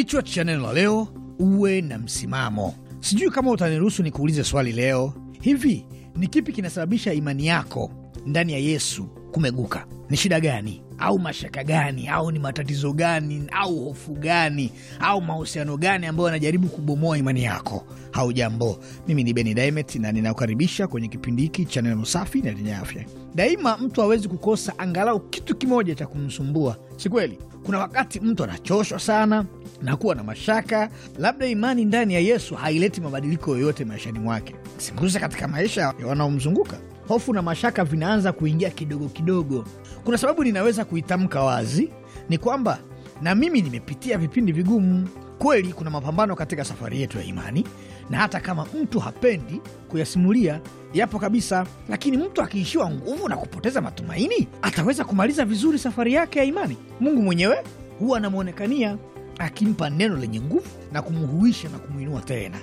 Kichwa cha neno la leo, uwe na msimamo. Sijui kama utaniruhusu nikuulize swali leo, hivi ni kipi kinasababisha imani yako ndani ya Yesu kumeguka, ni shida gani au mashaka gani au ni matatizo gani au hofu gani au mahusiano gani ambayo yanajaribu kubomoa imani yako? Haujambo, mimi ni Beni Daimet na ninakukaribisha kwenye kipindi hiki cha neno safi na lenye afya. Daima mtu hawezi kukosa angalau kitu kimoja cha kumsumbua, si kweli? Kuna wakati mtu anachoshwa sana na kuwa na mashaka, labda imani ndani ya Yesu haileti mabadiliko yoyote maishani mwake, sikuza katika maisha ya wanaomzunguka hofu na mashaka vinaanza kuingia kidogo kidogo. Kuna sababu ninaweza kuitamka wazi, ni kwamba na mimi nimepitia vipindi vigumu. Kweli kuna mapambano katika safari yetu ya imani, na hata kama mtu hapendi kuyasimulia, yapo kabisa. Lakini mtu akiishiwa nguvu na kupoteza matumaini, ataweza kumaliza vizuri safari yake ya imani? Mungu mwenyewe huwa anamwonekania akimpa neno lenye nguvu na kumuhuisha na kumwinua tena.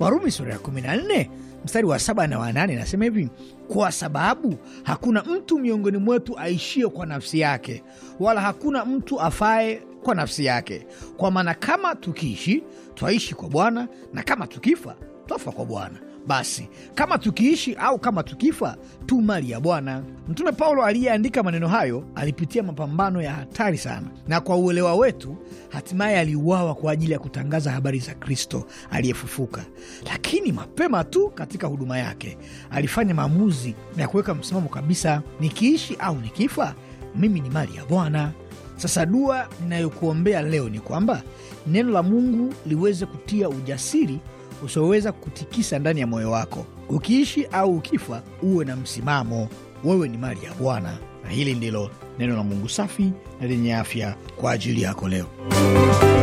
Warumi sura ya 14 mstari wa saba na wanane nasema hivi: kwa sababu hakuna mtu miongoni mwetu aishie kwa nafsi yake, wala hakuna mtu afae kwa nafsi yake. Kwa maana kama tukiishi twaishi kwa Bwana, na kama tukifa twafa kwa Bwana. Basi kama tukiishi au kama tukifa, tu mali ya Bwana. Mtume Paulo aliyeandika maneno hayo alipitia mapambano ya hatari sana, na kwa uelewa wetu hatimaye aliuawa kwa ajili ya kutangaza habari za Kristo aliyefufuka. Lakini mapema tu katika huduma yake alifanya maamuzi ya kuweka msimamo kabisa: nikiishi au nikifa, mimi ni mali ya Bwana. Sasa dua ninayokuombea leo ni kwamba neno la Mungu liweze kutia ujasiri usioweza kutikisa ndani ya moyo wako. Ukiishi au ukifa, uwe na msimamo, wewe ni mali ya Bwana. Na hili ndilo neno la Mungu safi na lenye afya kwa ajili yako leo.